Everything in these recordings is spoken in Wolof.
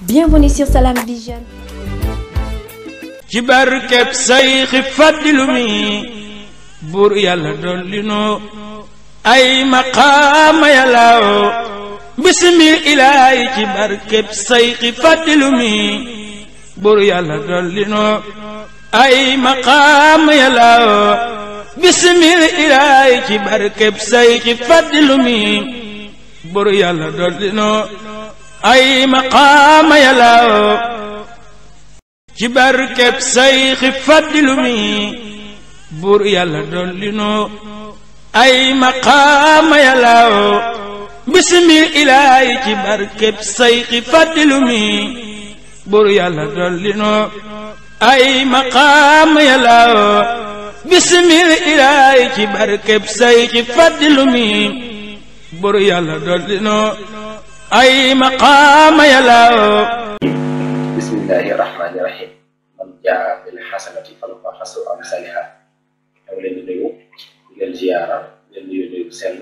Bienvenue sur ci barkeb Sayxi Fadilu mi buur yàlla dolli nu ay maqaama yàllaaw ci barkeb Sayxi Fadilu mi buur yàlla dolli nu ay maqaama yàllaaw ci barkeb Sayxi Fadilu mi buur ay maqaama yalaw ci barkeb sayxi faddilu mi buur yàlla dolli noo ay maqaama yalaw bismil ilaahi ci barkeb sayxi faddilu mi buur ay maqaama yalaw bismillahi rahmaani rahim man jaa bil xasanati falahu xasru amsaliha dama leen di nuyu di leen ziyaara di leen nuyu nuyu sell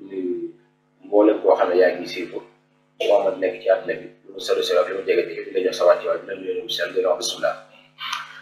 nuyu mboolem koo xam ne yaa ngi siifu Muhammad nekk ci àdduna bi lu mu sori sori ak lu mu jege di la jox sa wàcce waaye di leen nuyu nuyu sell di la wax bismillah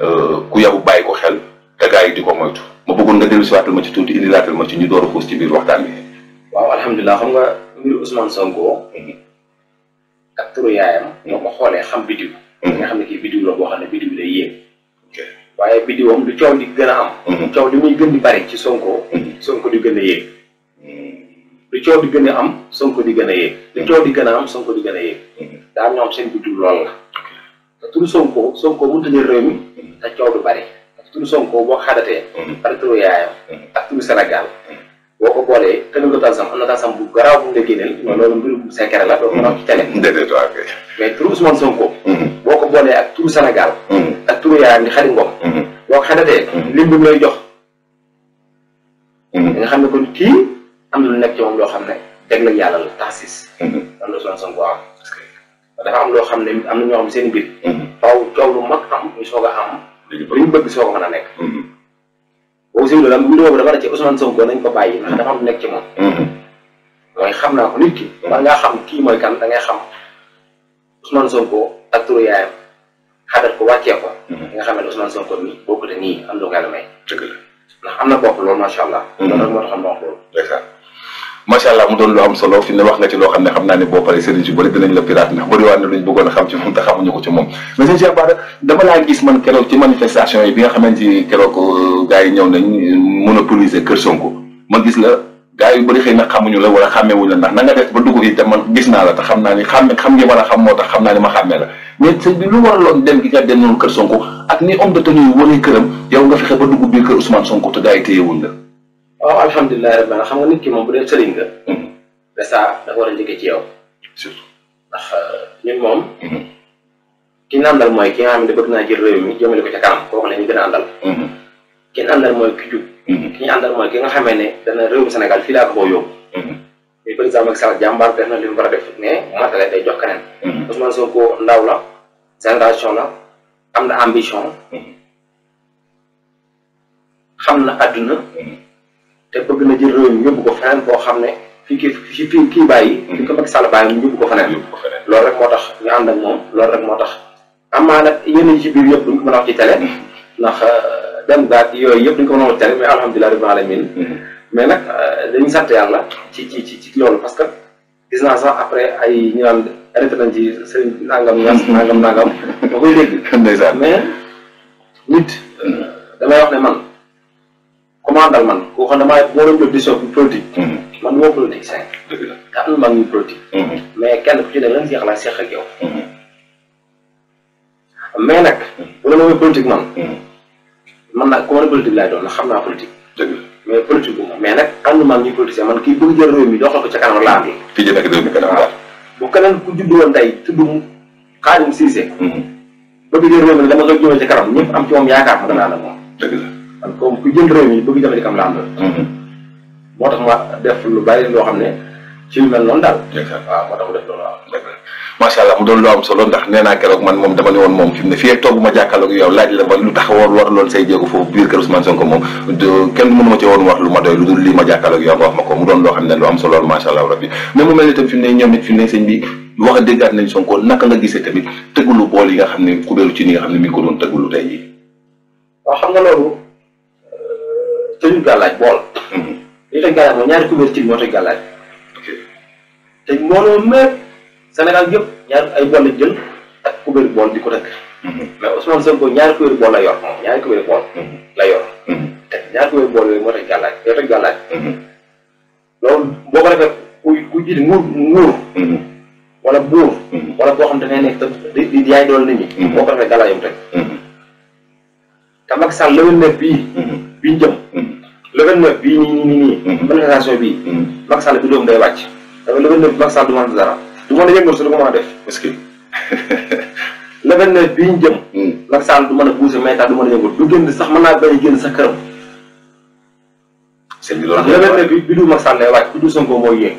Euh, ku yabu bàyyi ko xel te gaa yi di ko moytu ma bëggoon nga dellu si waatal ma ci tuuti indi laatal ma ci ñu door a xuus ci biir waxtaan bi waaw alhamdulilah xam nga mbiru Ousmane Sonko mhm. ak turu yaayam ñoo xoolee xam bidiw mhm. nga xam ne kii bidiw la boo xam ne bidiw lay yéeg waaye bidiwam du coow gën a am mhm. coow li muy gën di bari ci Sonko Sonko di gën a yéeg lu coow di gën a am Sonko di gën a yéeg lu coow di gën a am Sonko di gën a yéeg daa ñoom seen bidiw loolu la te turu Sonko Sonko mënut a te coow du bari te turu Sonko boo xaadatee mm-hmm. ak turu yaayam mm-hmm. ak turu Sénégal mm-hmm. boo ko boolee te nga taal sam am bu garaaw bu mu la génneel loolu mais turu Sonko boo ko boolee ak turu Sénégal ak turu yaayam di xarit boo ko xaadatee lay jox nga xam ne kon kii am na lu nekk ci moom loo xam ne dégg la yàlla la taxis loolu la Ousmane Sonko am dafa am loo xam ne am na ñoo xam seen mbir. Mhm. faaw coow lu mag am ñu soog a am. li ñu bëgg soog a mën a nekk. Mhm. boobu si loolu am mbir boobu dafa la ci Ousmane Sonko nañ ko bàyyi ndax dafa am nekk ci moom. mooy mhm. xam naa ko nit ki. war ngaa xam kii mooy kan da ngay xam Ousmane Sonko ak turu yaayam xadat ko wàccee ko. di nga xam ne Ousmane Sonko nii bokkute nii am na lu ko yàlla may. dëgg la ndax am na bopp loolu macha allah. loolu rek moo taxoon ma wax loolu. macha allah mu doon lu am solo fi ne wax nga ci loo xam ne xam naa ne boo paree sëriñ si bëri dinañ la pirate ndax bëri waan na luñ bëggoon a xam ci moom te xamuñu euh, euh, kër Sonko ma gis la gars yu bëri xëy na xamuñu la wala xàmmewuñu la ndax na nga def ba dugg fii te man gis naa la te xam naa ni xàmme xam ngi mën a xam moo tax xam naa ni ma xàmmee la mais sëñ bi lu waraloon dem gi nga dem noonu kër Sonko ak ni homme de tenue wane këram yow nga fexe ba dugg biir kër Ousmane Sonko te gars yi téyewuñ la waaw alhamdulilah rabbil alamin xam nga nit ki moom bu dee sëriñ nga. de mhm. ça dafa war a njëkkee ci yow. surtout ndax ñun euh, moom. Mhm. ki ñu mooy ki nga xam ne bëgg naa jël réew mi a mhm. ki ñu àndal mooy ki jub. ki ñu àndal mooy ki nga xamee ne fii laa ko koo yóbbu. par exemple ak Sall jàmbaar def na li mu a def matale day jox keneen. Ousmane Sonko ndaw la génération la am na ambition. xam na àdduna. te bëgg na jël réew mi yóbbu ko feneen boo xam ne fii kii fii fii kii bàyyi. Mm-hmm. fi ko Macky Sall mu yóbbu yóbbu ko feneen loolu rek moo tax ñu ànd ak moom loolu rek moo tax. amaa nag yenn yi ci biir yëpp duñ ci mm-hmm. ndax euh, dem baat yooyu yëpp duñ ko mën a wax ci télé mais alhamdulilah rabbil alamin mm-hmm. mais nag euh, dañu sant yàlla ci ci ci ci loolu parce que gis naa sax après ay ñu naan arrêté nañ ci sëriñ nangam ñaas nangam nangam. ma koy dégg. mais nit euh, damay wax ne man. commandal man koo xam ne maa moo doon jël décision bu politique. Mm-hmm. man moo politique sax. dëgg la te am na seq ak mm-hmm. nag. bu la mooy politique man. Mm-hmm. man nag ku ma ne laay doon na xam naa politique. dëgg la mais politique bu ma mais nag am na mag ñu politique man kii bëgg jël am ci moom yaakaar ma danaa la moom. man comme ku jël am la mhm. moo tax ma def lu bari loo xam ne ci lu mel noonu daal waaw ah, moo tax ah, solo ndax nee naa keroog man moom dama ne woon moom fi mu ne fii toog bu ma jàkkaarloog yow laaj la ba lu tax war war moom kenn mënu ma ci woon wax lu ma doy lu dul lii ma jàkkaarloog yow nga wax ma ko mu doon loo xam ne lu am solo loolu macha allah rabbi mais mu mel ni tam fi mu ne ñoom it fi mu ne sëñ bi wax déggaat nañ Sonko naka nga gisee tamit tëggulu bool yi nga xam ne kubéeru ci ni nga xam ne mi ko doon tëggulu tey jii waaw xam nga loolu tëju gàllaaj bool. Mhm. li tëj gàllaaj moom ñaari couverture moo tëj gàllaaj. ok te mbooloo mépp Sénégal yëpp ñaari bool lañ jël ak couvert bool di ko tëkk. Mhm. mais Ousmane Sonko ñaari couvert bool la yor moom ñaari couvert bool. Mhm. la yor. te ñaari couvert bool yooyu moo tëj gàllaaj moo tëj gàllaaj. loolu boo ko defee ku ku nguur nguur. wala buur. wala boo xam dafay nekk te di di yaay dool nit ñi. boo ko defee gàllaajam tëj. te Macky Sall le 29 bii. Mm-hmm. bii jëm. Mm-hmm. le 29 bii nii nii nii nii. Mm-hmm. manifestation bii. Macky bi doom day wàcc. dafa le 29 mm. Macky Sall du mën a yëngal su du ko a def. est-ce que le 29 bii ñu du mën a bousee mais a yëngal du génn sax mën naa bañ génn sax këram. sëñ bi bi bi du Macky Sall lay wàcc bi du Sonko mooy yéeg.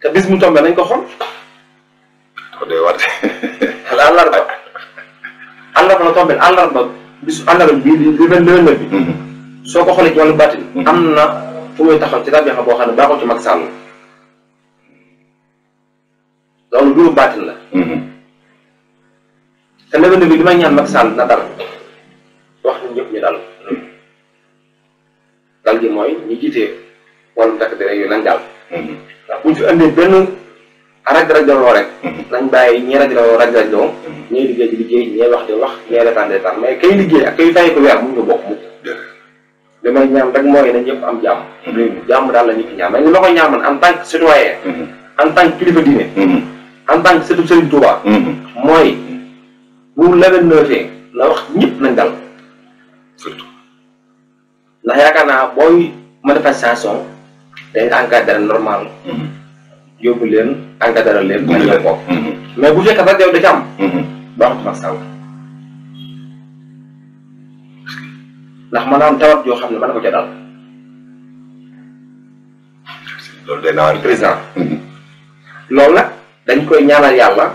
te bis mu tombé nañ ko xool. ko doy war de. àllarba àllarba la tombé àllarba bisu àllarba bii di di mel ne bi. Mhm. soo ko xoolee ci wàllu bàttin. am na fu muy taxaw ci rabixa boo xam ne baaxul ci mag sàll. loolu mbiru bàttin la. Mhm. te lëbënd bi li may ñaan mag sàll na dal wax ñun ñëpp ñu dal. dal gi mooy ñu jiite wàllum takk dere yooyu nañ dal. Mhm. ndax bu ñu fi benn. raj rajloo rek nañ bàyyi ñi rajloo raj rajloo mm-hmm. ñiy liggéey di liggéey ñiy wax di wax ñiy retaan di retaan mais kay liggéey ak kay fay ko weer mun nga bokk mukk li may ñaan rek mooy nañ ñëpp am jàmm mm-hmm. réew mi jàmm daal la ñu fi ñaan mais li ma koy ñaan man en tant que citoyen mm-hmm. en tant que kilifa diine en tant que sëtu Sëriñ Tuuba mooy bu leven neufee na wax ñëpp nañ dal surtout ndax yaakaar naa booy manifestation day encadré normal yóbbu leen encadré leen. bu ñu mm-hmm. mais bu fekkee sax yow da ci am. Mm-hmm. baaxut ndax maanaam tawat yoo xam ne mën na ko ca daal. loolu day président. Mm-hmm. loolu nag dañ koy ñaanal yàlla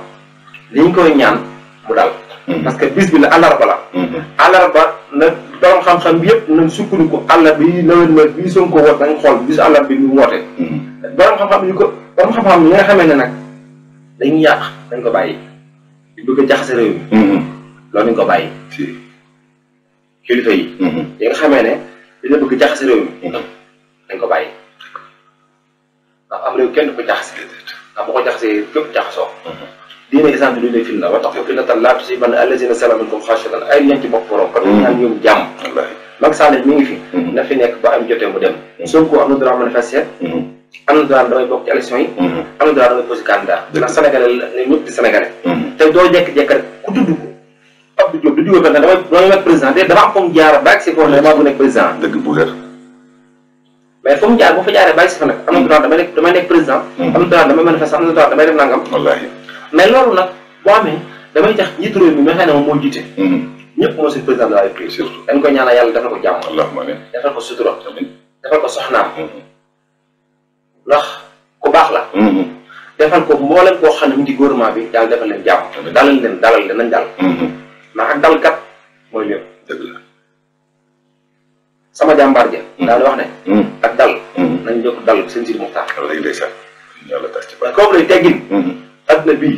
li ñu koy ñaan mu daal. parce que bis bi la àllarba la. àllarba na borom xam-xam bi yëpp nañ sukkandiku àllarba yi nawet na bii soog ko woote nañ xool bisu àllarba bi ñu woote. borom xam-xam yi ko. borom xam-xam yi nga xamee ne nag dañuy yàq dañ ko bàyyi di bëgg a jaxase réew mi mm-hmm. loolu dañ ko bàyyi kilifa yi mm-hmm. yi nga xamee ne dina bëgg jaxase réew mi mm-hmm. dañ ko bàyyi ndax am réew kenn du ko jaxase ndax bu ko jaxasee képp jaxasoo diine exemple duñu lay firndeel wa taxu fitnatan laa tusiibanna allaziina zalamu minkum xaasatan ay ñaan ci bopp borom kon dañ ñaan ñëw jàmm Macky Sall mi fi na fi nekk boo am jotee mu dem Sonko am ne droit manifester am na droit damay bokk ci élection yi. Mhm. am na droit damay posé candidat. dëgg la ndax sénégalais la ñëpp di sénégalais. Mhm. te doo jékki-jékki rek ku tudd ko Abdou Diop du diggante damay damay président de na droit damay nekk damay nekk président. Mhm. am na droit damay manifester am na damay def nangam. mais loolu nag boo damay tax njiitu mi nga xam moo jiite. ñëpp moo si président de la République. ko jàmm. allahumma amiin ko sutura. defal ko soxnaam ndax ku baax la. Mm-hmm. defal ko mboolem koo xam ne mu ngi gouvernement bi daal defal leen jàmm. Mm-hmm. dalal leen dalal leen nañ dal. Mm-hmm. ndax ak dal kat mooy lépp. dëgg la sama ja. daal wax ne. ak dal. nañ jokk dal seen sir Muxtaar. wallaahi ndeysaan yàlla tas ci baax. kooku lay teggin. adduna bii.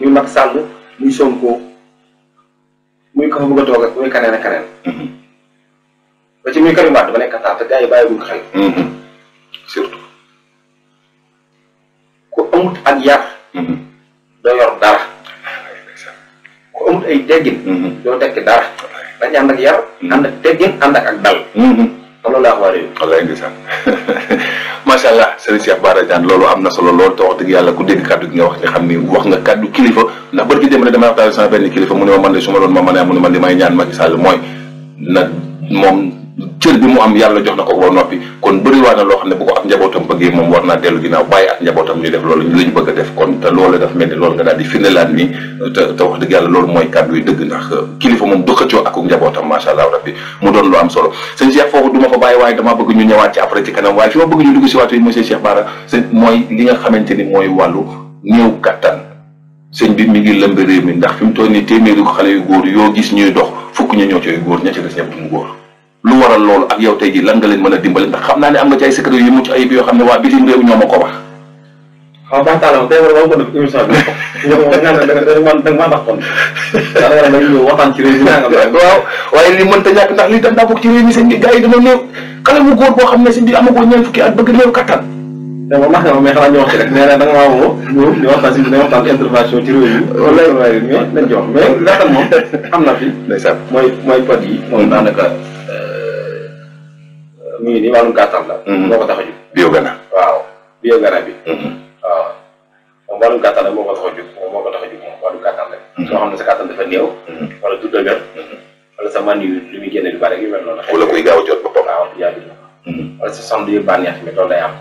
muy Macky Sall muy Sonko muy ko fa bëgg a toog muy kaneen kaneen. ba ci muy Karim ba nekk Qatar te gars yi bàyyiwul ko xel. ku amut ak yar mhm. doo yor dara ku amut ay teggin mhm. doo tekki dara dañu ànd ak yar mhm. ànd ak teggin ànd ak dal loolu laa xawaare yi wallaay ndeysaan macha allah sëriñ Cheikh Bara Diagne am na solo loolu te wax dëgg yàlla ku dégg kàddu gi nga wax ci xam ni wax nga kàddu kilifa ndax bër gi dem ne damay waxtaan sama benn kilifa mu ne ma man de ma doon ma mën a mu ne may ñaan Macky Sall mooy na moom cër bi mu am yàlla jox na ko ba noppi kon bëriwaa na loo xam ne bu ko ak njabootam bëggee moom war naa dellu ginnaaw bàyyi ak njabootam ñu def loolu la ñu bëgg a def kon te loolu daf mel loolu mooy kàddu yi dëgg ndax euh, kilifa moom du xëccoo ak njabootam macha allah rabbi solo sëñ Cheikh foofu du ma fa bàyyi waaye damaa bëgg ñu li nga xamante ni mooy wàllu néew kattan sëñ bi mi ngi lëmb réew mi ndax fi mu toll nii téeméeri xale yu góor yoo gis ñuy dox fukk ñu ñoo cooy góor ña ci des ñëpp góor lu waral loolu ak yow tey jii lan nga leen a dimbali ndax xam naa ne am nga ci ay secret yu mucc ayib yoo xam ne waa bitim réew ñoo ko wax. da nga maa ndax kon daanaka da waaye li mënta ñàkk ndax lii tam daa bokk ci réew mi sëñ bi gars dama néew xale mu góor boo xam ne sëñ bi amagoo ñeent fukki at bëgg néew kattan te moom wax nga ma mais xanaa wax ci rek nee na da nga maa woo ñëw ñu waxtaan si dinañ na fi ndeysaan mooy mooy pod yi mu ngi nii wàllum gàttal la. Mhm. moo ko tax a jóg. bio gana. waaw bio gana bi. Mhm. waaw moom wàllum gàttal la moo ko tax a jóg moom moo ko tax a jóg moom wàllum gàttal la. Mhm. soo xam ne sa gàttal dafa néew. wala du dëgër. wala sa man yu li muy génne lu bari yu mel noonu. wala kuy gaaw a jot boppam. waaw yaa ngi jóg. wala sa soxna yu bànneex mi loolu lay am.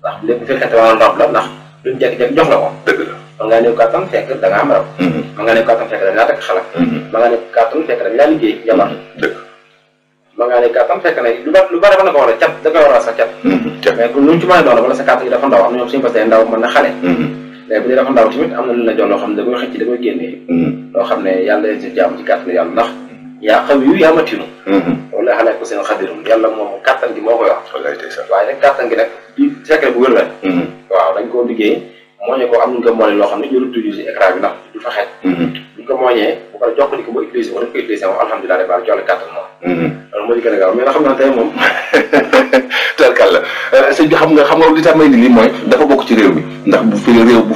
ndax lépp bu fekkente wàllu ndam la ndax duñ jékki-jékki jox la ko. dëgg la. man ngaa néew kàttan fekk da nga am rab. man ngaa néew kàttan fekk dañ laa takk xalaat. man ngaa néew kàttan fekk dañ laa liggéey jabar. dëgg ay kàttan fekk na lu bari lu bari mën na ko waral cat da koy waral sax cat mais lu mu ci mën a doon wala sa kàttan yi dafa ndaw am na ñoom suñu parce que ndaw mën na xale léegi mhm. bu dee dafa ndaw tamit am na lu la jox loo xam ne da koy xëcc da koy génnee mhm. xam ne yàlla si jàmm ci kàttan yàlla ndax yaa xam yu yaa matinu mhm. wala xale ko seen xadirum yàlla moom kàttan gi moo koy wax waaye nag kàttan gi nag secret bu wér la waaw dañ koo mooñee ko am nu mooñee loo xam ne ñu rëdd si écran bi ndax du fa xeet mhm. buñ ko mooñee bu ko ni ko ba utilisé wala ko utilisé moom alhamdulilah de baax jox la kàttan moom mhm. loolu a gaaw na xam naa tey moom telkal la euh, sëñ xam nga xam nga li tax may ni lii mooy dafa bokk ci réew mi ndax bu fi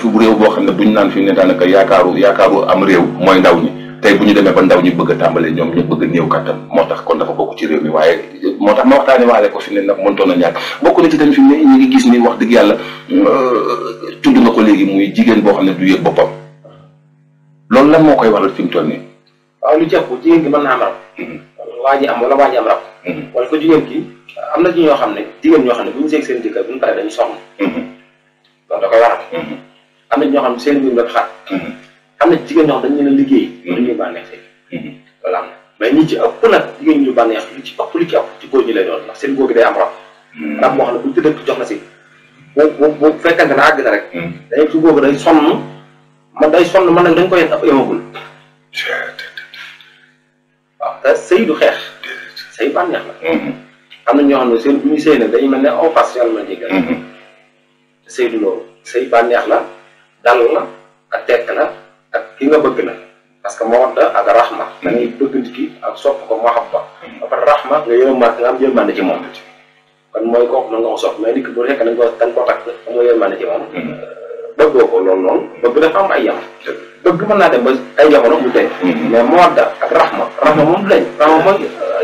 bu réew boo xam ne buñu naan fi ne daanaka yaakaaru yaakaaru am réew mooy ndaw ñi tey bu ñu demee ba ndaw ñu bëgg a tàmbalee ñoom ñu bëgg néew kattan moo tax kon dafa bokk ci réew mi waaye moo tax ma waxtaane waale ko fi ne nag mëntoon na ñàkk bokk na ñu ngi gis wax dëgg yàlla euh, tudd nga ko léegi muy jigéen boo xam ne du yëg loolu lan moo koy waral fi mu toll nii waaw lu jàpp jigéen gi mën na am rab mm-hmm. waa ji am wala waa ji am rab mm-hmm. wala ko jigéen gi am na ci ñoo xam ne jigéen ñoo xam ne bu ñu seeg seen jëkkër bu ñu paree dañu soxna mm-hmm. loolu da koy waral am na ñoo xam ne seen mbir rek xat xam ne jigéen ñoo xam dañu leen a liggéey. Mm-hmm. dañuy bànneexee. ci ëpp nag jigéen ñu bànneex li li ci ëpp ñi lay doon ndax seen góor gi day am rab. Mm-hmm. rab moo xam ne bu ñu tëddee si. boo boo boo fekkante na àgg na rek. Mm-hmm. dañuy day sonn man day dañ koy yemagul. waaw te sëy du xeex. sëy bànneex la. am na ñoo xam ne seen bu sëy mel ne en face yàlla mel ni gën. du loolu sëy bànneex la dal na ak tekk la. ki nga bëgg la parce que mawadda ak rahma da ngay bëgg nit ki ak sopp ko mahabba ba pare rahma nga yërmaat nga am yërmande ci moom kon mooy kooku mën nga ko sopp mais nit ki bu fekkee da nga ko da nga ko takk amoo dëggoo ko lool lool bëgg dafa am ay bëgg mën naa dem ba ay jamono bu tey mhm. mais mawadda ak rahma rahma moom du lañ rahma mooy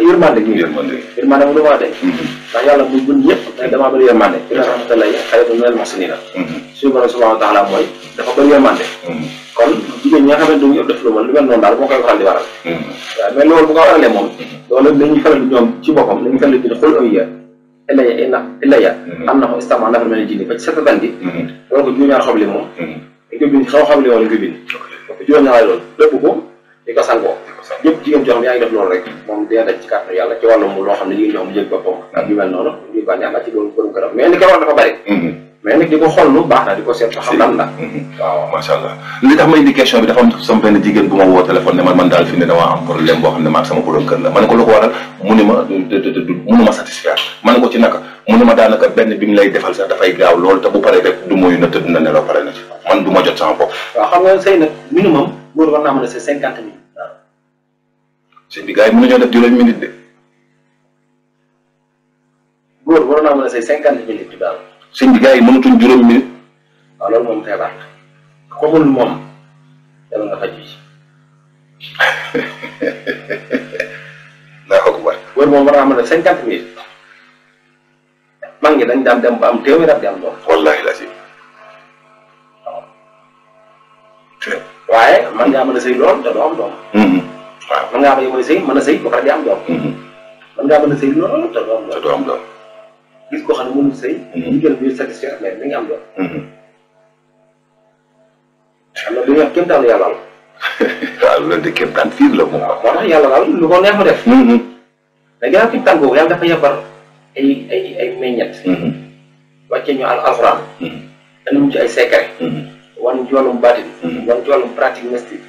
yërmande gi yërmande moom du ma deñ mhm. ndax yàlla bu bund yëpp da damaa bëri yërmande ina rahmatullahi xayatun minal muhsinina mhm. suñu borom subhanahu wa taala mooy dafa bëri yërmande kon jigéen ñi nga xamante duñu ëpp def lu mën lu mel noonu daal moo koy waral di waral waaw mais loolu bu ko waralee moom loolu dañuy faral di ñoom ci boppam dañuy faral di xul ilaya ina mhm. am na ko istama ndax mel ne jinni ba ci setetal gi wala ko juróom-ñaar xobli moom nga mhm. bind xaw xobli wala nga bind juróom-ñaar loolu lépp ko di ko sangoo yëpp jigéen joo xam def loolu rek moom dina daj ci kàttanu yàlla ci wàllum loo xam ne jigéen joo xam ne jël boppam ak yu mel noonu ñuy bànneex la ci loolu borom bari mhm. mais nag di ko xool lu baax la di ko seet xam lan la. waaw macha allah li tax ma indi question bi dafa am sama benn jigéen bu ma woo téléphone ne man daal fi ne damaa am problème boo xam ne maag sama borom kër ne ko lu ko waral mu ma mënu ma satisfaire ma ne benn bi lay defal sax dafay gaaw loolu te bu paree rek du moyu na tëdd na na ci man du ma jot sama bopp. waaw xam nga sëy nag minimum góor war naa mën a c'est cinquante mille. waaw de. góor war naa mën a c'est cinquante sëñ bi yi mënatuñ juróomi minute waaw loolu moom moom yàlla nga faj ci naa ko war wër moom war naa mën a cinquante minutes mag ñi dañ daan dem ba am la si waaw waaye man ngaa mën a sëy lool te doo doom man ngaa mën a sëy mën a sëy doom man ngaa mën a sëy lool te doom doom gis ko xam ne mënul sëy. Mhm. jigéen bi satisfaire mais mi ngi am doom. Mhm. xam nga li ñuy loolu de kéemtaan fii la moom. waaw tax yàlla daal lu ko neex mu def. mais mhm. gannaaw kéemtaan dafa yabar ay ay ay meññet. wàccee ñu alxuraan. dañu ci ay secret. ci wàllum baatin. wan ci wàllum pratique mystique.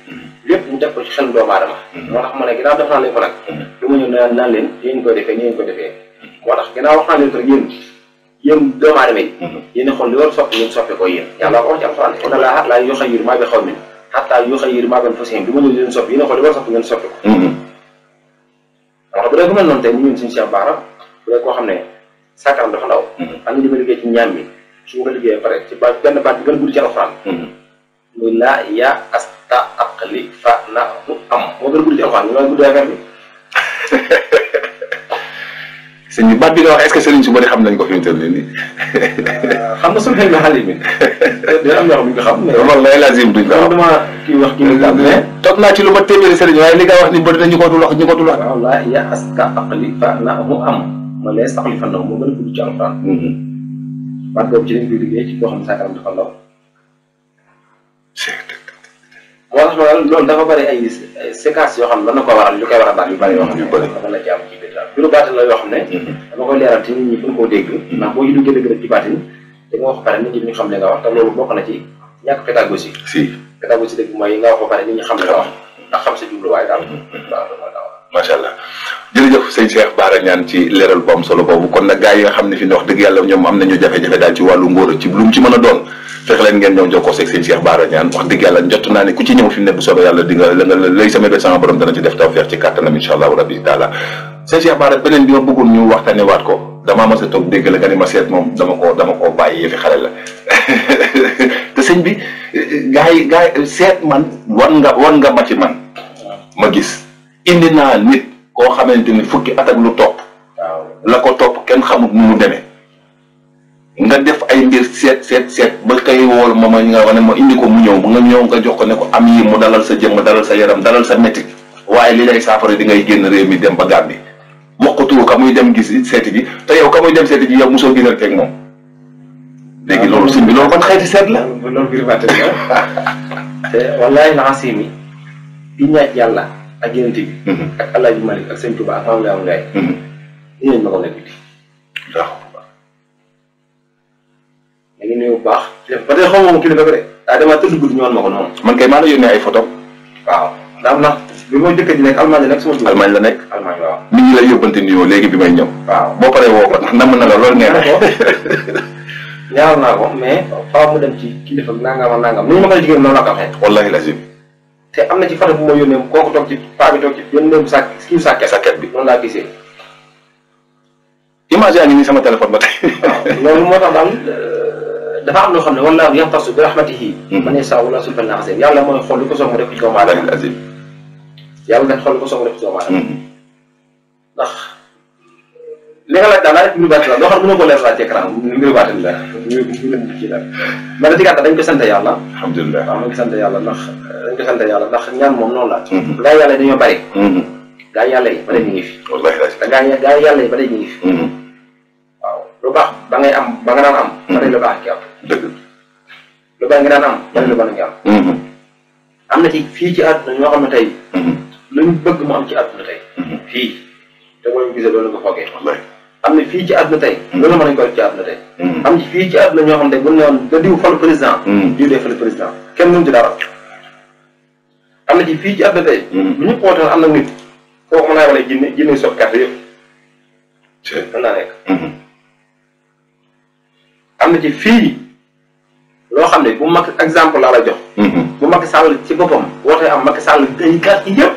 lépp ñu def ko ci xel doomu aadama. moo tax ma ne gannaaw def ko nag. lu ma ñëw naan naan leen nii ñu koy defee nii ñu koy defee. moo tax ginnaaw wax naa leen ko rek yéen yéen doomu aadama mhm. li war a soppi ngeen ko yéen yàlla ko wax ci alxuraan inna laaha laa yuxayyiru maa bi xawmin hattaa yuxayyiru maa bi anfusihim bi ma leen soppi yéen xool a soppi ngeen soppi ko mhm. alors bu dee ku mel noonu tey ñu ñun suñu Cheikh bu dee koo xam ne saakaram dafa ndaw mhm. am na li ma liggéey ci ñaam bi su ma ko liggéeyee pare ci ba benn baat bi gën a gudd ci alxuraan muy laa fa na moo gën a gudd ci alxuraan ñu ma gudd affaire sëñ bi baat bi nga wax est-ce xam nañ ko fi mu toll euh, xam na suñu xel mi xaalis bi. dina am yoo xam ne ñu ko xam. wax kii mais. toog naa ci lu ma téeméeri sëriñ waaye li nga wax ni bëri na ñu ko dul wax ñu ko dul wax. wallaahi yaa aska aqli am ma lay saxli fan moo gën a gudd ci alxuraan. Mm-hmm. baat boobu liggéey ci koo xam ne saa kanam dafa ndaw. moo tax ma loolu dafa bëri ay ay yoo xam ne mën na ko waral yu koy war a daal yu bëri xam ne la yoo xam ne mhm. dama koy leeral te nit ñi buñ dégg mhm. ndax boo yi duggee dëgg rek ci baatin da nga wax pare nit ñi xam ne nga wax te loolu bokk na ci ñàkk pédagogie si pédagogie dëgg yi nga wax ba pare nit ñi xam ne nga wax ndax xam sa jubluwaay daal mhm. macha allah jërëjëf sëñ Cheikh Bara Niane ci leeral bu solo boobu kon nag gars yi nga xam ne fi wax dëgg yàlla ñoom am nañu jafe-jafe daal ci wàllu ngóor ci lu ci mën a doon fexe leen ngeen ñëw jokkoo seeg sëñ Cheikh Bara wax dëgg yàlla njott naa ne ku ci ñëw fi mu ne bu soobee yàlla di la nga lay sama de sama borom dana ci def tawfeex ci kàttanam incha allahu rabbi taala sëñ Cheikh Bara beneen bi ma bëggoon ñu waxtaane waat ko a toog dégg la ma seet moom dama ko dama koo bàyyi yëfi xale seet man ma ma gis indi naa nit koo xamante ni fukki at ak lu topp. la ko topp kenn xamut nu mu demee. nga def ay mbir seet seet seet ba kay wool ma ma nga wax ne ma indi ko mu ñëw nga ñëw nga jox ko ne ko am yi mu dalal sa jëmm dalal sa yaram dalal sa métti waaye li lay saafara di ngay génn réew mi dem ba Gàmbi wax ko turu ka dem gis seeti ji te yow ka muy dem seeti ji yow mosoo gisal feeg moom. léegi loolu sëñ loolu ban xeeti seet la. loolu biir fàttali la te wallaahi naa si mi di ñaaj yàlla. ak yonent bi mhm. ak El Hadj Malick ak sëñ Touba ak Maam Laaw Ngaay. nii lañ ma ko nekk di. ma ngi nuyu bu baax. ba tey xaw ma ko kilifa bi rek. daa ah, damaa tëdd guddi ñëwoon ma ko noonu. man kay maa la yónnee ay photo waaw ndax ndax bi ma jëkk di nekk Allemagne la nekk sama. Allemagne la nekk Allemagne waaw. nit ñi lay yóbbante nuyoo léegi bi may ñëw. waaw boo paree woo ko ndax namm na la loolu nee na. ñaaw naa ko mais faaw mu dem ci kilifa bi nangam ak nangam ni ñu ma koy jigéen noonu la ko waxee. wallaahi lazim te am na ci photo bu ma yónnee kooku toog ci paa bi toog ci yónnee bu sàkk kii sàkkee sàkket bi noonu laa gisee. image sama téléphone ba tey. waaw loolu moo tax daal euh, dafa am loo xam ne wallaahu yamtasu bi rahmatihi hmm. man yasaa wala suuf benn axeem yàlla mooy xool lu ko soog mu def ci doomu aadama. yàlla dañ xool lu ko li nga laaj daal daa def mbirubaatil la loo xam ne mënoo ko leer laaj ci écran mbirubaatil la ci dara ma ne ci gàttal dañ ko sant yàlla alhamdulilah waaw dañ ko sant yàlla ndax dañ ko sant yàlla ndax ñaan moom noonu la mm-hmm. gaa yàlla yi dañoo bari mm-hmm. gaa yàlla yi ba tey ñu ngi fi wallaahi te gaa gaa yàlla yi ba tey ñu ngi fi mm-hmm. waaw lu baax ba ngay am ba nga daan am ba tey lu baax ki am dëgg lu baax nga daan am ba tey lu baax nga am am na ci fii ci àdduna ñoo xam ne tey luñ bëgg mu am ci àdduna tey fii te mooy gisee loolu nga foogee am na fii ci àdduna tey hmm. loolu mën ci àdduna tey hmm. fii ñoo xam ne bu ñu newoon nga diw fal président hmm. diw dee fal président kenn mënu ci na ci fii ci àdduna na nit kooku mën naa wala jinne jinne na ci fii loo xam ne bu mag exemple laa la jox bu Macky Sall ci boppam wootee am Macky Sall day carte yi yëpp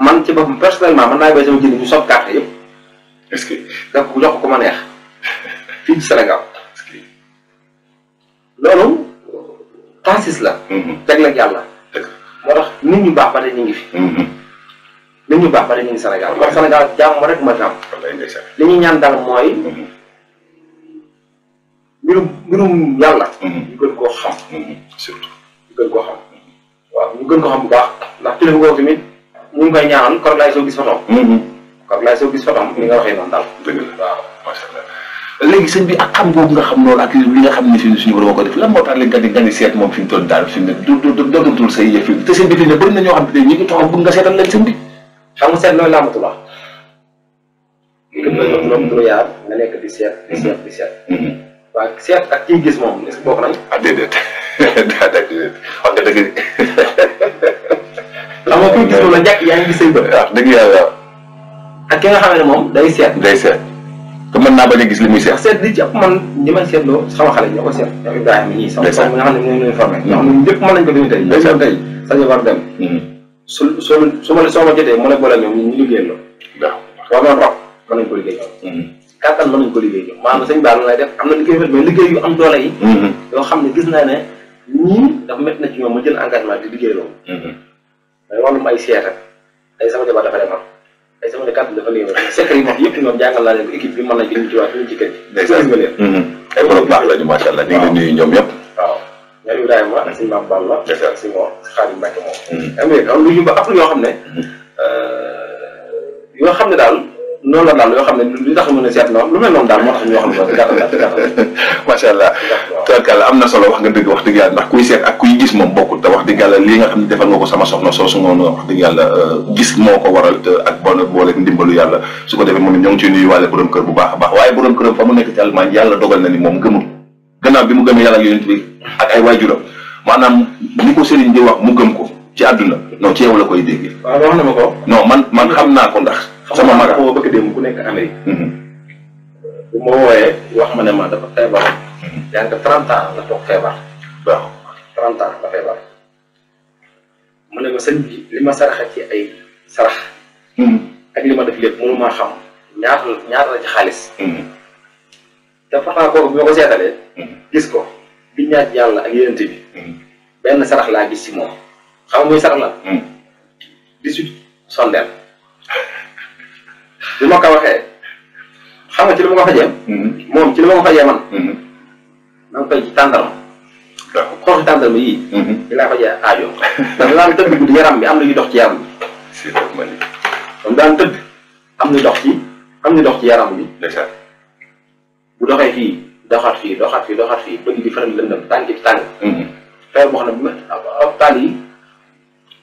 man ci boppam personnellement man naa bay sama jinne ñu soog carte yëpp est-ce que da ko jox ko ma neex fii ci Sénégal. loolu taasis la. teg mhm. la yàlla. moo tax nit ñu baax ba ñu mhm. nit ñu baax ba ñu ngi Sénégal. waaw Sénégal jàmm rek ma jàmm. li ñuy ñaan daal mooy. Mhm. mbirum mbirum yàlla. ñu gën koo xam. surtout ñu gën koo xam. ko xam bu baax ndax kilifa googu tamit ñu koy ñaanal kon laay soo gis fa toog. Ablaye Sow gis fa am ni nga waxee noonu daal. léegi sëñ bi ak xam boobu nga xam noonu ak li nga xam ne fi suñu borom ko def lan moo tax léegi nga di nga di seet moom fi mu toll daal fi mu ne du du dootul yi te sëñ ne bëri na ñoo xam ne ñu ngi toog bëgg nga seetal leen sëñ bi. xam nga seet loolu mm-hmm. seet. di seet di mm-hmm. seet. ak kii gis moom est-ce que nañ. ah déedéet daa daa déedéet wax nga ak ki nga ne moom day seet. day seet te mën naa bañ a gis li muy seet. seet di ci man ñi may seetloo sama xale ñoo ko seet. ñoo Ibrahima ñii sama xale xam ne ñoo ñu formé. Mm. ñoo xam ne ñëpp mën nañu ko dindi tey. day seet tey sañ dem. Mm. su su su ma soo ma jotee mu ne boole ñoom ñu liggéeyandoo. waaw waaw man roc mën nañu ko liggéeyandoo. Mm. kàttan mën nañu ko liggéeyandoo. maanaam sëñ Ba lu lay def am na liggéey mais liggéey yu am doole yi. Mm-hmm. yoo xam ne gis naa ne ñii dafa métti na ci ma jël engagement di liggéey loolu. Mm-hmm. mais wàllum ay seet ak sama jabar dafa ay sama de kàddu dafa néew rek secret yi moom yëpp ñoom jàngal naa leen ko équipe bi mën nañ ci ñu ci waat ñu ci kër gi. ndeysaan ñu ay mhm. borom baax lañu macha allah ñu ngi nuyu ñoom ñëpp. waaw ñoom Ibrahima ak sëñ Mame Balla. ndeysaan si moom Xaadim Mbàkke moom. Mhm. am na am na ñu ñoo xam ne mhm. euh, yoo xam ne daal noonu la daal yoo xam ne li tax mën a seet noonu lu mel noonu daal moo tax ñu wax am na solo wax nga dëgg wax dëgg yàlla ndax kuy seet ak kuy gis moom bokkul te wax dëgg yàlla lii nga xam ne defal nga ko sama soxna soosu noonu wax dëgg euh, ko yàlla su ko defee moom it ñoo ngi ciy nuyuwaale borom bu baax a baax waaye borom këram moom gëmul gannaaw bi mu gëmee yàlla ak yonent bi ak maanaam ni ko sëriñ di wax mu gëm ko ci àdduna non ci yow la koy dégg waaw wax na ma ko non man man xam naa ko ndax sama mag bu ma bëgg dem ku nekk Amérique. Mhm. bu ma wooyee wax ma ne ma dafa feebar. Mhm. yaa ngi ko 30 ans nga toog feebar. waaw 30 ans feebar. mu ne ma ci ay sarax. Mhm. ak li ma def lépp mënu maa xam ñaata ñaata la ci xaalis. te Fapal kooku bi ma ko seetalee. gis ko bi ñaaj yàlla ak yeneen bi. benn sarax laa gis ci moom. xam nga muy sarax la. 18 sondeel. bi ma ko waxee xam nga ci li ma ko fajee. Mm-hmm. moom ci li ma ko fajee man. Mm-hmm. maa ngi koy ci tàndarma. d'accord xooxi tàndarma yii. Mm-hmm. di laa fajee aajo. ndax daan dox ci yaram bi. si dox ci am na dox ci yaram bi. bu doxee fii doxaat fii doxaat fii doxaat fii bëgg di faral yi.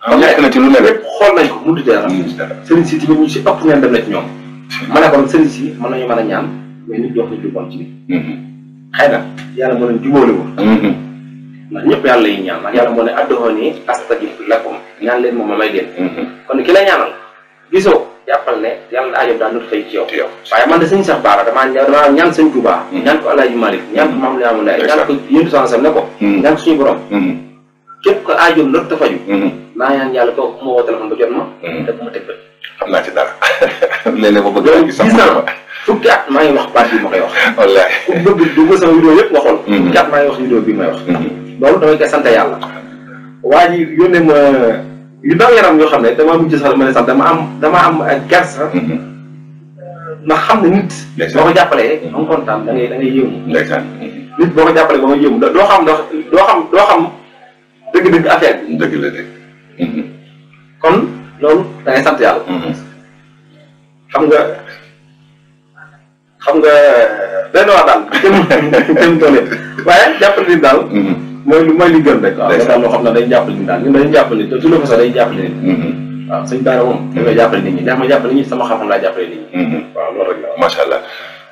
am ah, na ci lu xool nañ ko mënut a yaram. sëriñ si tamit ñu dem na ci ñoom. ma ne kon sëriñ si mën nañu mën a ñaan mais nit dox na jubal ci biir. xëy na yàlla moo leen jubóole woon. ndax ñëpp yàlla yi ñaan ndax yàlla moo ne adduuni astajib lakum ñaan ma may leen. kon ki la ñaanal gisoo jàppal ne yàlla na aajo daal nut fay ci yow. waaye man de sëñ Cheikh Bara damaa damaa ñaan sëñ Touba. Mm-hmm. ñaan ko El Hadj Malick ñaan ko Mame a Laye ñaan ko yëndu sansam ne ko. Mm-hmm. ñaan ko suñu borom. Mm-hmm. képp ko aajoom nut ta faju naa ñaan yàlla kooku moo woo téléphone ba jot ma. te ma teg xam naa ci dara. léeg-léeg ma bëgg naa gis sax ma fukki at maa ngi wax baat bi ma koy wax. wallaahi ku bëgg du ma sama vidéo yëpp nga xool. Mm-hmm. fukki at maa ngi wax vidéo bii may wax. Mm-hmm. loolu damay koy sante yàlla. waa ji yónnee ma yu daw yaram yoo xam ne damaa mujj sax ma ne sax dama am dama am kersa. Mm-hmm. ndax xam ne nit. boo ko jàppalee da nga kontaan da ngay da ngay yéemu. nit boo ko jàppalee ba nga yéemu doo xam doo xam doo xam dëgg-dëgg affaire bi. dëgg la dëgg. kon. loolu da ngay sant yàlla. xam nga xam nga benn wax daal jëm jëm tool waaye jàppale nit daal. mooy lu mooy li gën rek. waaw daal loo xam ne day jàppale nit daal ñun dañuy jàppale nit te tout le façon day jàppale nit. waaw suñ daara moom. da ngay jàppale nit ñi ndax ma jàppale nit ñi sama xam-xam laa jàppale nit ñi. loolu rek la macha allah.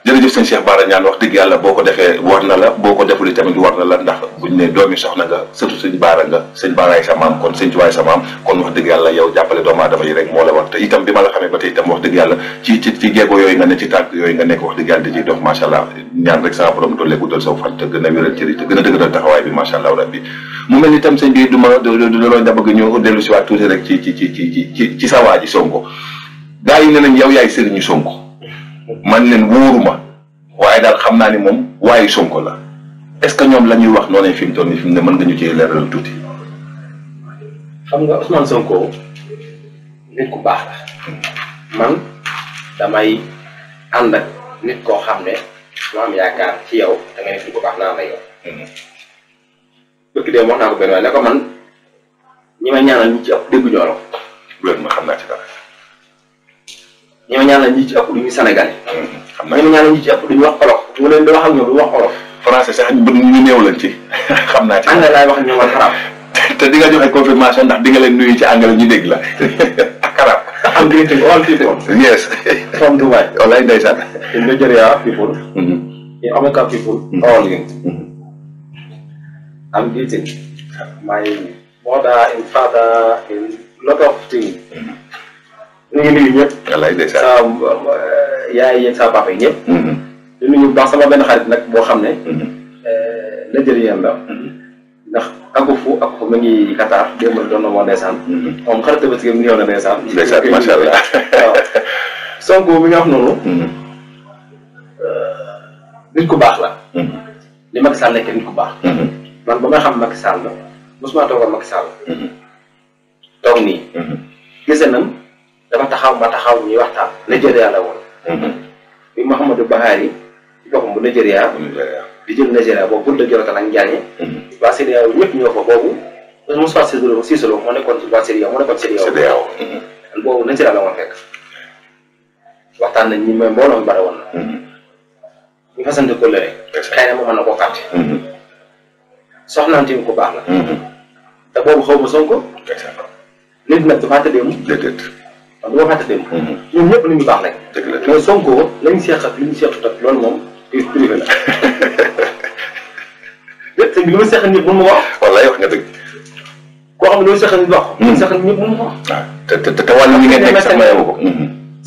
jërëjëf sëñ Cheikh Bara Niane wax dëgg yàlla boo ko defee war na la boo ko defuli tamit war na la ndax buñ ne doomi soxna nga surtout sëñ Bara nga sëñ Baaraay sa maam kon sëñ Tuwaay sa maam kon wax dëgg a a dëgëral taxawaay bi macha allah rabbi mu mel ni itam ñu dellu si waat tuuti rek ci ci ci ci ji Sonko gaa yi ne nañ yow yaay sëriñu Sonko man leen wóoruma waaye daal xam naa ni moom waayu Sonko la est ce que ñoom la ñuy wax noonu fi mu toll nii fi mu ne mën nga ñu cee leeral tuuti. xam nga Ousmane Sonko nit ku baax la man damay ànd ak nit koo xam ne ma am yaakaar ci yow da nga nekk ku baax naa la yow. Hmm. bëgg dee wax naa ko benn waaye ne ko man ñi ma ñaanal ñu ci ëpp dégguñu olof. loolu ma xam naa ci dara. ñi ma ñaanal ñi ci ëpp du ñu sénégalais. xam naa ñi ma ñaanal ñi ci ëpp du ñu wax olof. bu leen di wax ak ñoom du ñu wax olof. français sax ñu ñu néew lañ ci xam naa ci. anglais di nga leen nuyu ci anglais ñu dégg la ak arab. am greeting all people. yes. from Dubai. walaay ndeysaan. in Nigeria people. Mm-hmm. in Amaka people. Mm-hmm. all in. am mm-hmm. greeting. my mother and father and lot of things. ñu ngi nuyu ñëpp. lay ndeysaan sa euh, yaay yeeg sa papa yi ñëpp. Mm-hmm. bu baax sama benn xarit nag boo xam ne. Mm-hmm. Euh, la jëriñam mm-hmm. la. ndax akufu akufu mi ngi Qatar démb doon na moo ndeysaan. moom xarit tamit si ñëw na ndeysaan. ndeysaan macha nga wax noonu. Euh, nit ku baax la. li Macky Sall nekk nit ku baax. man ba may xam Macky Sall mosuma toog ak Macky Sall. toog nii. gisee dama taxaw ma taxaw ñuy waxtaan. Nigeria la woon. Mhm. bi Mouhamadou Buhari ci boppam bu Nigeria. di jël Nigeria boobu Boun Diongue ak Njaañe. Mhm. waa CEDEAO ñëpp ñoo fa boobu. parce que Moussa Cissé Cissé Lo moo nekkoon ci waa CEDEAO moo nekkoon CEDEAO. CEDEAO mhm. boobu Nigeria la woon fekk. waxtaan nañ ñi mais mbooloo mi bare woon na. ñu fasante ko lële. xëy na mu mën na koo fàtte. soxnaam tamit ku baax la. te boobu xaw Sonko. nit nag du fàtte démb. déedéet. waaw bu ma fàtte dem. Mhm. ñoom ñëpp nit ñu baax lañ. dëgg la mais Sonko lañ seq ak li ñu seq toog loolu moom biir privé la. lépp sëñ bi li ma seqal ñëpp mën ma nga dëgg. koo xam ne loolu seqal nit wax. Mhm. loolu seqal ñëpp mën ma wax. waaw ah, te te te wàllu li sax ma yewu ko.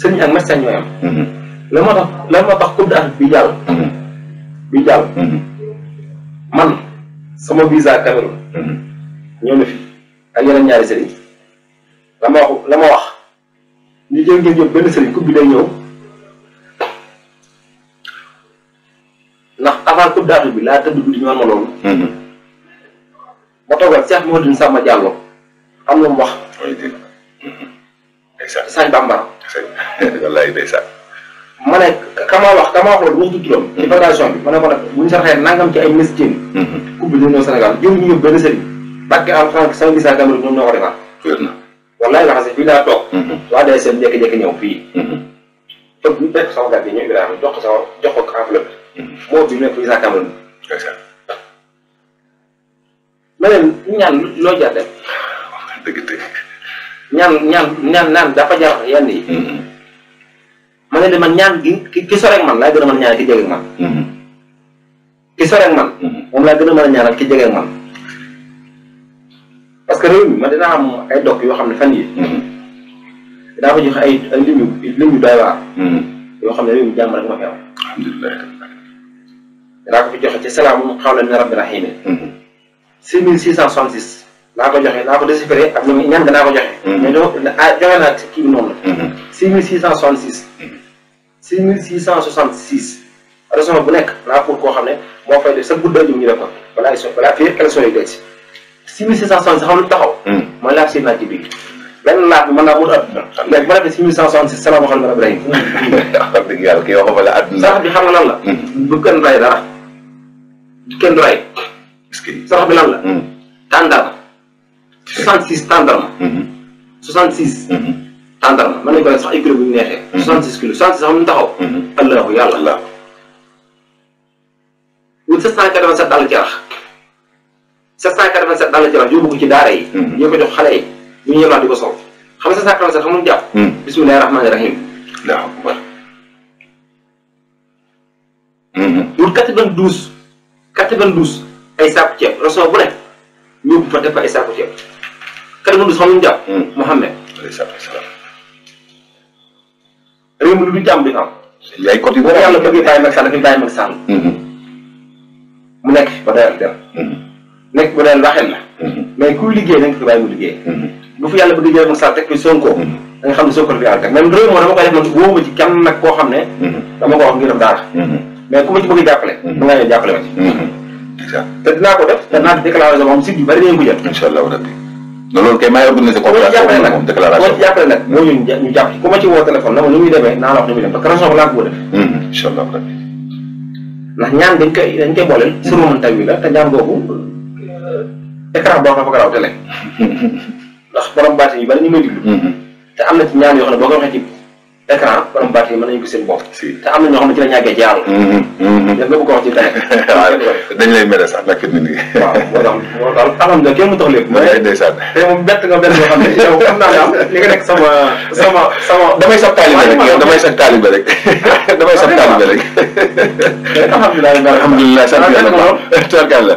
sëñ bi ak médecin ñooy am. Mhm. la moo tax la moo tax coupe d'Afrique bi jàll. bi jàll. man sama visa Cameroun. ñëw na fi ak yeneen ñaari sëriñ la ma la ma wax. ñu jël nga jël benn sëriñ coupe bi day ñëw ndax avant coupe d'Afrique bi laa tëdd guddi ñu ma loolu. Mhm. ma toogal Cheikh Mouhamadou Samba Diallo am na mu wax. ndeysaan Sañ Bambara. wallaay ndeysaan. ma ne ka ma wax ka ma wax loolu waxtu turam. Mhm. ci fédération bi ma ne ko nag bu ñu saraxee nangam ci ay mesquines. Mhm. coupe bi dina ñëw Sénégal jël ñu ñëw benn sëriñ. bàkke alxuraan sama gisaa Cameroun ñoom ñoo ko wallaay la xase fii laa toog. waa DSM jékki-jékki ñëw fii. te bu fekk sama gàddi ñëw Ibrahima jox ko sama jox ko enveloppe. moo bi nekk Issa Cameroun. ma ne ñaan loo jar def. ma ne de man ñaan ki mhm. mhm. ki man laay gën a mën a ñaan ki jege man. ki sore ak man. moom laay gën a mën a ñaanal ki jege man. parce que réew mi man dinaa am ay dok yoo xam ne fan yi mm-hmm. dinaa ko jox ay ay lim mm-hmm. yoo xam ne réew mi jàmm rek ma fi am. alhamdulilah. dinaa ko fi joxe ci salaamun qawlan min rabbin rahiim. 6666. laa ko joxe laa ko déchiffré ak ñoom ñan danaa ko joxe. Mm-hmm. mais doo ah joxe naa kii bi noonu la. 6666. 6666. raison bu nekk laa pour koo xam ne moo fay def sa gudda ñu def ko balaa émission 6666 xam lu taxaw. Hmm. mooy laaj seen laaj bi. benn laaj bi mën naa wut at. léegi bu rafet 6666 salaam waxal ma Ibrahima. wax dëgg yàlla kii waxuma la at. sax bi xam nga lan la. bu hmm. kenn ray dara. kenn du ray. est-ce que sax bi lan la. tàndar. 66 tàndar ma. 66. tàndar ma mën nañu ko def sax ay kilo bu ñu neexee. 66 kilos 66 xam lu taxaw. Hmm. allahu yàlla. wut 787 daal jarax. 787 daan la ci wax yóbbu ko ci daara yi. ñoo hmm. ko jox xale yi ñu ñëwaat di ko sol xam nga 787 xam nga mu jàpp. Hmm. bisimilah rahmaani rahim. waaw waaw. wut 92 92 ay saaku ceeb raison bu ne ñu fa def ay saaku ceeb 92 xam nga mu jàpp. Hmm. Mouhamed. waaleykum salaam. réew mi lu du jàmm di am. ay côté boo yàlla bëggee bàyyi mag sàll fi bàyyi mag sàll. mu nekk ba dayal dem. nekk bu daan waxin la mais kuy liggéey nañ ko bàyyi mu liggéey mm-hmm. bu fi yàlla bëgg jël Macky Sall teg fi Sonko mm-hmm. da nga xam ne Sonko fi yàlla teg koo xam ne mm-hmm. dama ko def mais ku ma ci bëgg jàppale da ngaa ñëw jàppale ma ci te dinaa ko def te naa di déclaration moom site yu bëri dañu ko jël incha allah rabbi loolu kay maay ñu ñu jàpp ci ku ma ci woo muy demee naa la wax ni muy dem parce que raison laa ko def incha allah rabbi ndax ñaan dañ koy booleel surmaman taw yi la te ñaan boobu écran boo xa dafa garaaw télé ndax borom baat yi bari ñu may diglu mm-hmm. te am na ci ñaan yoo xam ne boo ko waxee écran borom baat yi mën nañu ko seen bopp. te am na ñoo xam ne ci la ñàggee ci yàlla. nga bëgg ko wax ci tey. waaw dañ lay mere sax nag fi mu ne nii. waaw moo tax moo tax alhamdulilah kenn mu tax lépp. ma lay ndeysaan. te moom bett nga bett nga xam ne yow xam naa daal li nga nekk sama sama sama. damay sax taalibe rek damay sax taalibe rek damay sax taalibe rek. alhamdulilah alhamdulilah sant yàlla baax tubarkàlla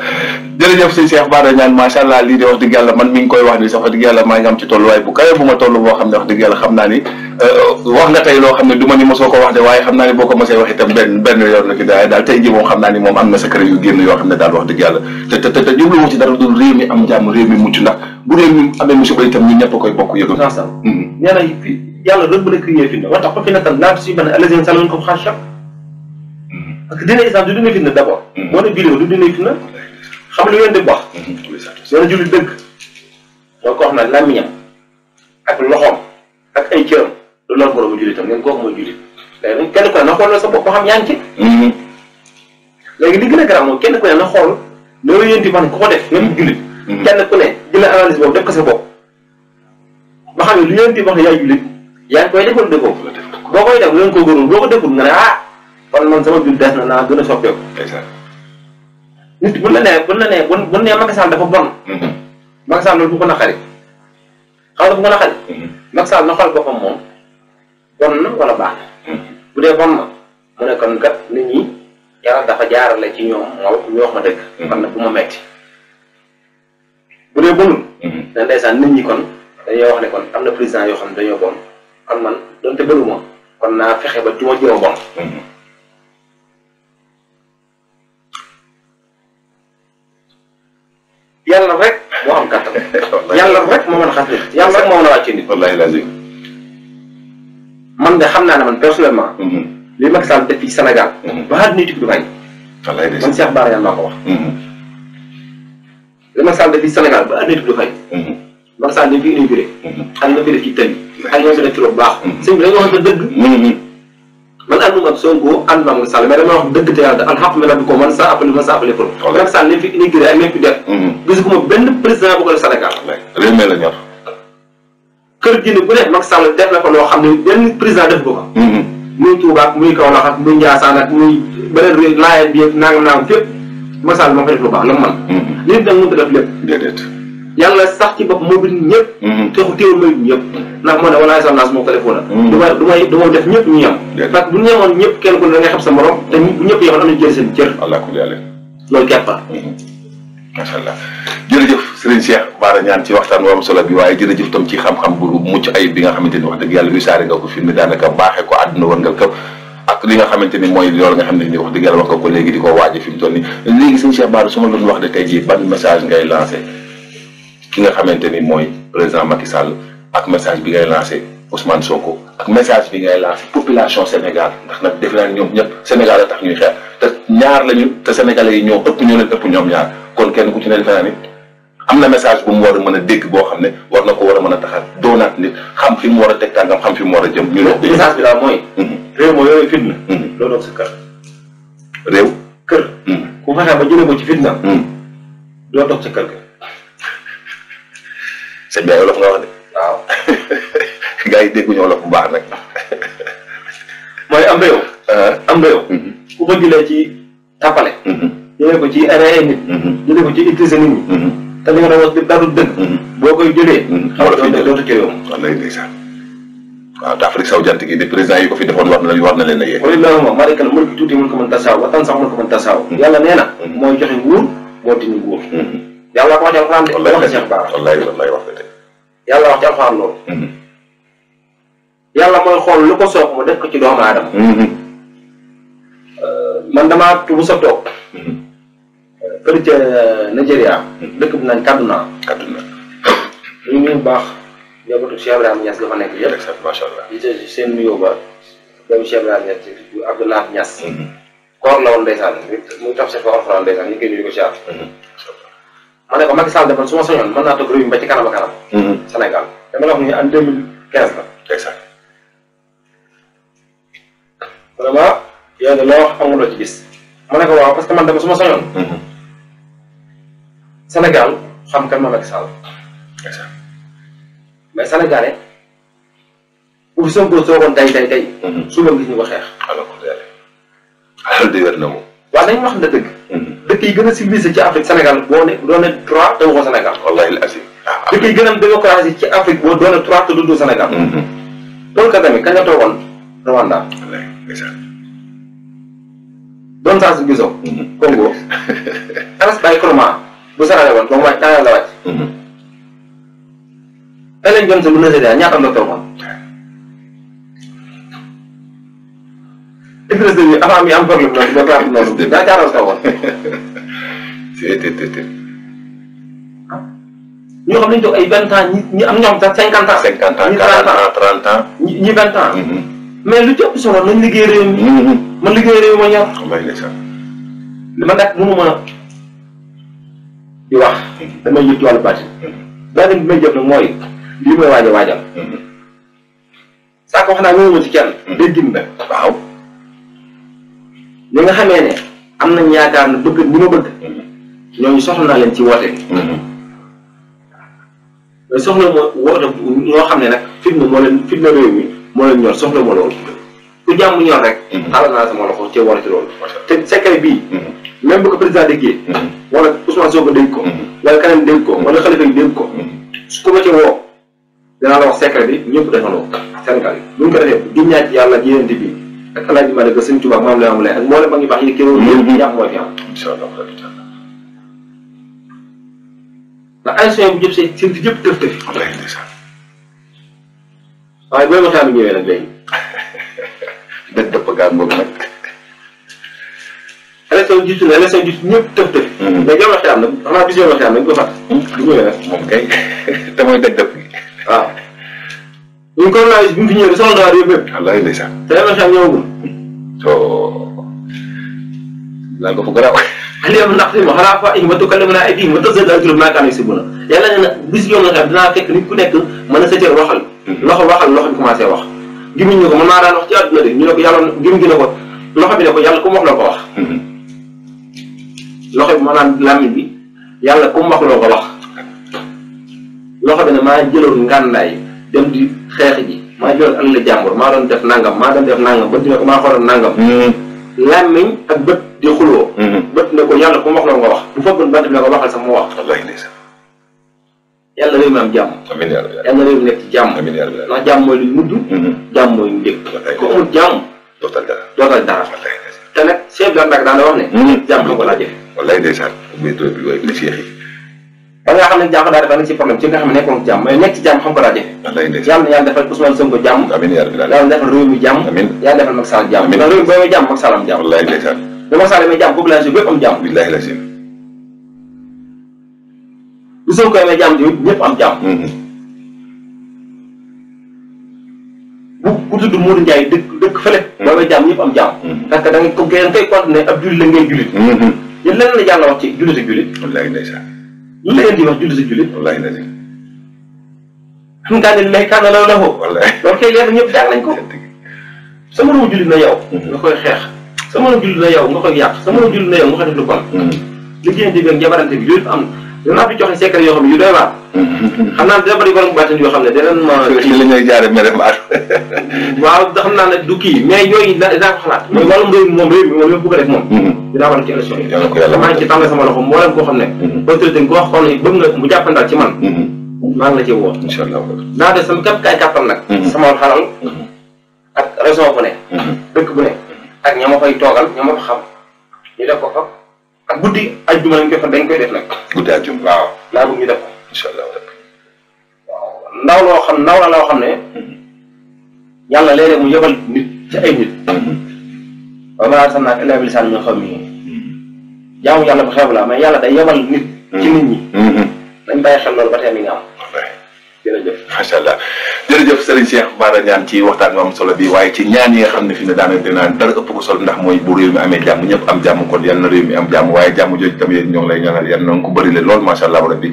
jërëjëf si Cheikh Bara Niane macha allah lii de wax dëgg yàlla man mi ngi koy wax ni sax wax dëgg yàlla maa ngi am ci tolluwaay bu kawe bu ma toll boo xam ne wax dëgg yàlla xam naa ni Euh, wax nga tey loo xam ne du ma ni mosoo ko wax de waaye xam naa ne boo ko mosee wax tam benn benn yoon la ci daay daal tey jii moom xam naa ni moom am na secret yu génn yoo xam ne daal wax dëgg yàlla te te te jubluwoo ci dara dul réew mi am jàmm réew mi mucc ndax bu réew mi amee musiba itam ñun na mm. fi yàlla loolu bu nekk yee fi na wa tax ko fi natal naam si bane alésine du dina fitna d'abord mm. moo ne vidéo du dina fitna xam lu ngeen di mm-hmm. dëgg ko wax na làmmiñam ak loxoom ak ay cëram loolu la boromu jullitam ngeen kooku mooy jullit léegi nag ne na xool sa bopp moo xam yaa mhm. léegi li gën a garaaw moom kenn ku na xool loolu yéen di man ko def nga mu jullit. Mhm. kenn ku ne jël analyse boobu ba xam ne lu yéen di wax ne yaay jullit yaa ngi koy defoon defoo boo koy def ngeen ko gënoon boo ko deful nga ne ah kon man sama jullit des na naa gën a soppeeku. nit bu la ne bu la ne bu bu nee Macky Sall dafa bon. Mhm. Macky Sall loolu bu ko naqari xam nga bu ko naqari. Macky na xool boppam moom. bon na wala baax na hmm. bu dee bon na mu ne kon kat nit ñi ci ñoom moo ñoo ma dëkk hmm. kon nag bu ma metti bu dee bonul hmm. ne ndeysaan nit ñi kon dañoo wax ne kon am na président yoo xam ne dañoo bon kon man donte bëgguma kon naa fexe ba du ma jëma bon yàlla rek moo am kàttan yàlla rek moo mën a xas nit yàlla rek moo mën a wàcce nit man de xam naa ne man personnellement. Mhm. li Macky Sall def fii Sénégal. waxaat mhm. nuyu tukki du bàyyi. wallaay de man Cheikh Bara Yane maa ko mhm. Sénégal ba nuyu tukki du fay. Macky Sall dañ fi inauguré. xam nga fi def baax. sëñ bi dañoo wax dëgg. man ànduma ak Sonko ànd naa moom Sall mais dama wax dëgg te yàlla an xaq mi rabbi ko man sa appelé man sa appelé président bu ko def Sénégal. réew ñor. kër gi ne bu nekk Macky Sall def na ko loo xam ne benn président def ko ko. Mm-hmm. muy Touba ak muy Kaolack ak muy Ndiassane ak muy beneen réew laayeen bi ak nangam-nangam fépp Macky Sall moo ko def lu la man mm-hmm. nit nag ñëpp. Mm-hmm. te ku mooy ñëpp. ndax moo ne walaay sa moo ko defoon. du may du may du def ñëpp ñu yem. déedéet parce ñëpp kenn ko ne da ngay xam sa morom. te ñëpp yemoon am na jël seen cër. allah kulli loolu kepp. macha allah jërëjëf Serigne Cheikh Bara Niane ci waxtaan wu am solo bi waaye jërëjëf tam ci xam-xam bu mucc ayib bi nga xamante ni wax dëgg yàlla wisaare nga ko fi daanaka baaxee ko àdduna wërngal kaw ak li nga xamante ni mooy loolu nga xam ne ni wax dëgg yàlla wax nga ko léegi di ki nga xamante ni mooy président Macky Sall ak message bi ngay lancé Ousmane Sonko ak message bi ngay lancé population Sénégal ndax nag defe naa ñoom ñëpp Sénégal la tax ñuy xeex te ñaar lañu te sénégalais yi ñoo ëpp ñoo leen ëpp ñoom ñaar kon kenn ku ci ne defe naa ni am na message bu mu war a mën a dégg boo xam ne war na ko war a mën a taxaat doonaat nit xam fi mu war a teg tàngam xam fi mu war a jëm. ñu ne message bi daal mooy. Mhm. réew moo yore fitna. loo mhm. doog sa kër. réew. kër. Mhm. ku fexe ba ko ci fitna. loo doog sa kër nga wax de. waaw. gars yi dégguñu wolof bu baax nag. mooy am réew. Ah. am réew. ku ko jëlee ci tapale. jëlee ko ci rey nit. jëlee ko ci utiliser nit ñi. te li nga xam ne daal du boo koy jëlee. xamal fi ñu doon jëlee wallay ndeysaan waaw te Afrique saw jant gi de président yi ko fi defoon war na leen a yee. wala loolu maa rekk la mën ko tuuti mën ko mën tasaaw waxtaan sax mën ko mën tasaaw. yàlla nee moo di nguur. yàlla ko wax ci alxuraan de. wax nga tey loolu. Mm-hmm. yàlla mooy xool lu ko soog mu def ko ci doomu aadama. Mm-hmm. man damaa tubu sa toog. Mm-hmm. fële ca Nigeria. Mhm. dëkk bu naan Kaduna. Kaduna. ñu ngi baax njabootu Cheikh Ibrahima Niass ga fa nekk yëpp. exactement macha allah di seen seen nuyoo ba doomu Cheikh Ibrahima mhm. koor la woon ndeysaan muy taf seet fa alxuraan ndeysaan ñu koy nuyu ko mhm. ma ne ko Macky Sall de man soñoon mën naa toog réew mi ba ci kanam a dama la wax ni en deux mille quinze la. exact ma ne ko waaw parce que man dama su soñoon. Sénégal xam kan mooy Macky mais sénégalais bu Sonko soogoon tey tey tey. Mhm. suba gis ñu ko xeex. alors que loolu wér na moom. waaw wax ne dëgg. Mhm. dëkk yi gën a civilisé ci Afrique Sénégal boo ne doon trois te waxoo Sénégal. wallaahi la ah, dëkk yi gën a ci Afrique boo doon na trois te duddoo Sénégal. Paul Kagame kañ la toogoon Rwanda. wallaahi Don Sassou Nguesso. Congo. Ernest Bai Koroma. bu saxalee woon ba mu wàcc temps la wàcc. Ellen Johnson bu Nigeria ñaata docteur moom. Idriss Déby avant mi am problème noonu ba problème noonu daa jaaral tawoon. ñoo xam nañu toog ay vingt ans ñi ñi am ñoom sax cinquante ans. cinquante ans quarante ans trente ans ñi ñi vingt ans. mais lu ci ëpp solo nañ liggéey réew mi. man liggéey réew ma ñor. man nag mënu ma. di wax damay yëg ci mooy lii may waaj a waajal saako wax naa wóorul ma ci kenn déggin la waaw ñi nga xamee ne am nañ yaakaar ne bëgg ni ma bëgg ñooñu soxla naa leen ci woote bi mais soxla moo woote moo xam ne nag fitna moo leen fitna réew mi moo leen ñor soxla moo loolu ku jàmm ñor rek mm-hmm. tàllal naa sama loxo ci woote ci loolu te secret bii mm-hmm. même bu ko président déggee. wala Ousmane Sonko dégg ko. wala kanam dégg ko wala xalifa yi dégg su ko ci woo danaa la wax secret bi ñëpp defandoo Sénégal yi. bu ñu ko defee di ñaaj ci yàlla yéen bi ak El maam la am lay ak mboolem ba ngi baax yi kéwéer yëpp ñàkk mm-hmm. mooy am. ay soins bu ñëpp see tëf élection jiitu na élection jiitu ñëpp tëf tëf. Hmm. mais yow waxee am na ko fàtte. du hmm. ko yore. moom kay te mooy dëgg dëgg. waaw. ñun coronavirus bi mu fi ñëwee sama daara yëpp yëpp. ko fu ma xanaa fa in ma tukallimu naa aydiihim wa ku nekk mën a sëccër waxal. Hmm. loxo waxal loxo bi commencé wax. gimiñ ñu ko man maa daan wax ci àdduna de ñu ne ko yàlla gimiñ gi ne ko loxo bi ne ko yàlla ku mu wax ko wax loxo bi maanaam làmmiñ bi yàlla ku mu wax loo ko wax loxo bi ne maa jëloon ngàndaay dem di xeex ji maa jëloon àll la jàmbur maa doon def nangam maa doon def nangam bët ne ko maa xooloon nangam. Mm-hmm. làmmiñ ak bët di xuloo. Mm-hmm. bët ko yàlla ko wax. yàlla réew mi am jàmm. amiin yàlla yàlla réew mi nekk ci jàmm. amiin yàlla ndax jàmm mooy lu mujj. Mm-hmm. jàmm mooy njëkk. ku amul jàmm. dootal dara te nag chef de la ndax wax ne. jàmm la ko laajee. wallaay ndeysaan muy doon bi waay muy seex yi ba nga xam ne jàmm daal dafa ci problème ci nga xam ne nekkoon ci jàmm mais nekk ci jàmm daa jafe na yàlla defal Ousmane Sonko jàmm amiin yàlla defal réew mi jàmm amiin yàlla defal Macky Sall jàmm ndax réew am jàmm wallaay ndeysaan bu Macky Sall amee jàmm population bépp am jàmm billaahi bu Sonko amee jàmm tamit ñëpp mm-hmm. dëkk dëkk fële mm-hmm. boo amee jàmm ñëpp am jàmm mm-hmm. parce que da nga ko koy continuer ab jullit la ngay jullit yéen leneen la wax ci jullit ak jullit. wallaahi ndeysaan. lu la leen di wax jullit ak jullit. wallaahi ndeysaan. alhamdulilah lay kàddu la la ko. wallaahi loolu kay leer na ñëpp jaar nañ ko. sama moromu jullit na yow. Mhm. nga koy xeex. sama moromu jullit na yow nga koy yàq. sama moromu jullit na yow nga koy def lu bon. Mhm. liggéeyante bi ak jabarante bi yooyu am na dinaa fi joxe secret yoo xam ne yu doy waar. xam naa dina bëri borom bàttin yoo xam ne danañ ma. ci li ñuy jaaree mere ma xam naa ne du kii mais yooyu dinaa ko xalaat. mooy wàllum réew mi moom réew mi moom yëpp bëgg a def moom. Hmm. dinaa war a ci élection yi. maa ngi ci tànn sama loxo xam ne. Hmm. autorité bi ko wax xool mu jàppandal ci man. Hmm. maa ngi la ci woo. incha allah naa def sama képp kaay kàttan nag. sama xalal ak raison bu ne. dëkk bu ne ak ña ma koy toogal ña ma ko xam ñu def ko fa ak guddi ajjuma lañ koy fa dañ koy def nag. guddi ajjuma waaw laa bëgg def ko. incha loo xam ndaw loo xam ne yàlla léeg mu yebal nit ci ay nit. waaw ma arsalnaaka illaa bilisaan min qawmihi jaamu yàlla bu xeeb la mais yàlla day yebal nit. ci nit ñi. dañ mm-hmm. bàyyi xel loolu ba tey mi nga jërëjëf macha allah jërëjëf Serigne Cheikh Bara Niane ci waxtaan nga am ñaan yi nga xam ne fi ne na réew mi am jàmm waaye ko bëri leen lool macha allah rabbi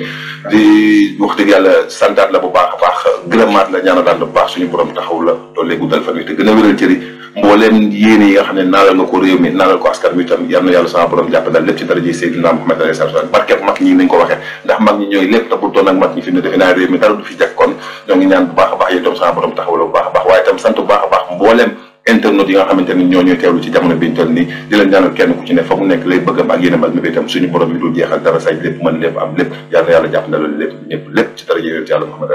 di wax dëgg yàlla santaat la bu baax a baax gërëmaat la ñaanal daal bu baax suñu borom taxaw la loolu léegi guddal fan wi te gën a wéral cëri mbooleem yéene yi nga xam ne naalal nga ko réew mi naalal ko askan wi tam yàlla sama borom jàpp daal lépp ci dara ji Seydina Muhammad alayhi salaam barkeb mag ñi nañ ko waxee ndax mag ñi ñooy lépp te bu doon ak mag ne defe naa réew mi jag kon ngi ñaan bu baax a baax yéen itam sama borom taxawal a baax waaye baax a baax mbooleem internautes xamante ni ñoo ñuy teewlu ci jamono biñ toll nii di kenn ku ci ne nekk lay bëggam ak yéenam ak mébé itam suñu borom yi dul jeexal dara sañ lépp mën lépp am lépp yal na yàlla jàpp na loolu lépp ñëpp lépp ci dara yéen yàlla Muhammad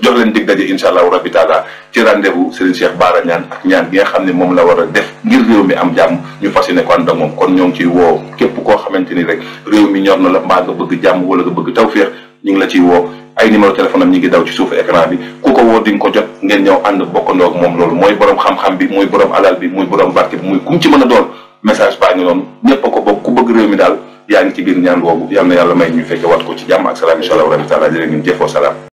jox leen dig daje incha allahu rabbi taala ci rendez-vous Serigne Cheikh Bara ñaan ak ñaan gi nga xam ne moom la war a def ngir réew mi am jàmm ñu fas yéene ko ànd ak moom kon ñoo ngi ciy woo képp koo xamante ni rek réew mi ñor na la mbaa nga bëgg jàmm wala nga bëgg tawféex ñu ngi la ciy woo ay numéro téléphone am ñi ngi daw ci suufu écran bi ku ko woo ko jot ngeen ñëw ànd bokkandoo moom loolu mooy borom xam-xam bi muy borom alal bi muy borom barke bi muy kum ci mën a doon message baa ngi noonu ñëpp a ko bokk ku bëgg réew mi daal yaa ngi ci biir ñaan boobu yal na yàlla may ñu fekke wat ko ci jàmm ak salaam incha allah rabbi taala jërë ngeen salaam